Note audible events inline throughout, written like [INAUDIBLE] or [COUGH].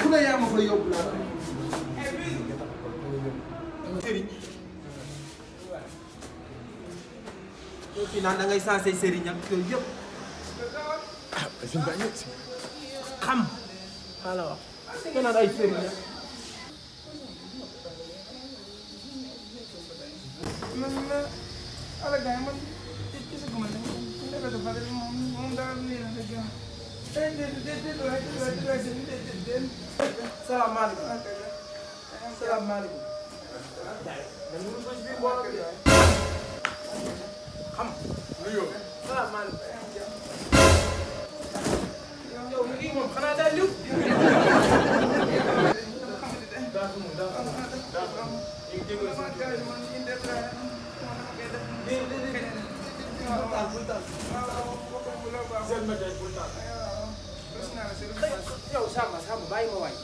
ku ne yaa ma fa yóbbu laa sëriñ yow fii naan da ngay sensé sëriñ ak yooyu yëpp xam maa la wax nga naan ay sëriñ la man ala gars man ci ci sa guma moom moom daal nii la salaamaaleykum salaamaaleykum xam nuyoo salaamaaleykum yow mi ngi moom xanaa daal liw Thank you. xëy yow Samba Samba bàyyi ma waay.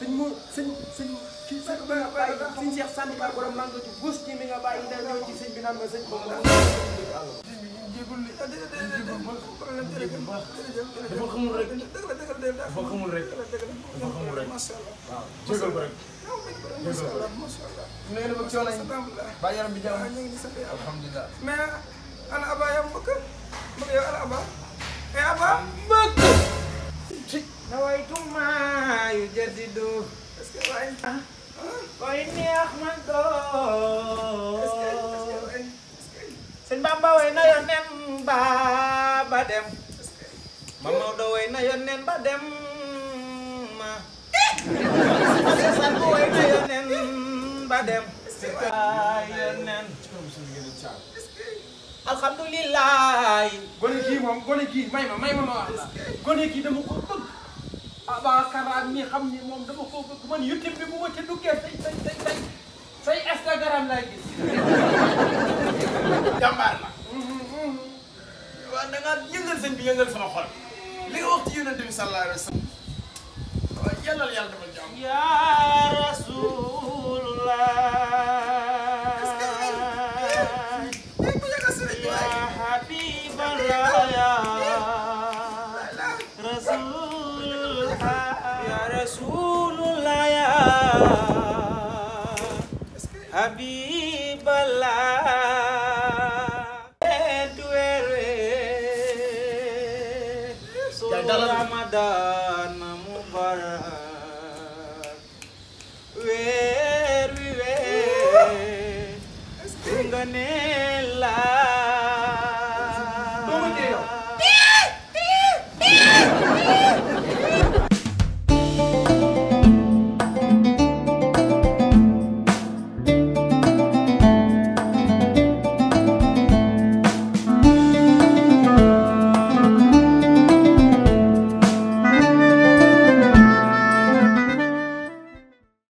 sëñ mu sëñ sëñ. kii sëñ bi nga bàyyi sëñ Cheikh Samba Ba borom maa ngi doon ci góos kii mi nga bàyyi ndax ñëw ci sëñ bi naan ma sëñ moom la. dafa xamul rek dafa xamul rek dafa xamul rek waaw jégal ko rek jégal ko rek. nee na bëgg coono yi bàyyi yaram bi jàmm alhamdulilah. mais ana Aba yow mbokk mbokk yow ana Aba. نويتما يجدد وإني أحمد سن بامبا وينا يونين بابا دم ماما دو وينا يونين با دم سن بو وينا يونين با دم يونين alhamdulilah gone kii moom gone kii may ma may ma ma wax la gone kii dama ko bëgg Ababacar ak mi xam ni moom dama ko bëgg man YouTube bi bu ma ca duggee say say say say say Instagram laay gis. [LAUGHS] jàmbaar la. Mm-hmm. waaw da ngaa yëngal sëñ bi yëngal sama xol li nga wax ci yonent bi sallallahu alayhi wa sallam yàlla la yàlla defal jàmm. yaa Rasulullah. يا رسول الله يا حبيب الله Ramadan Mubarak weer wi weer nga ne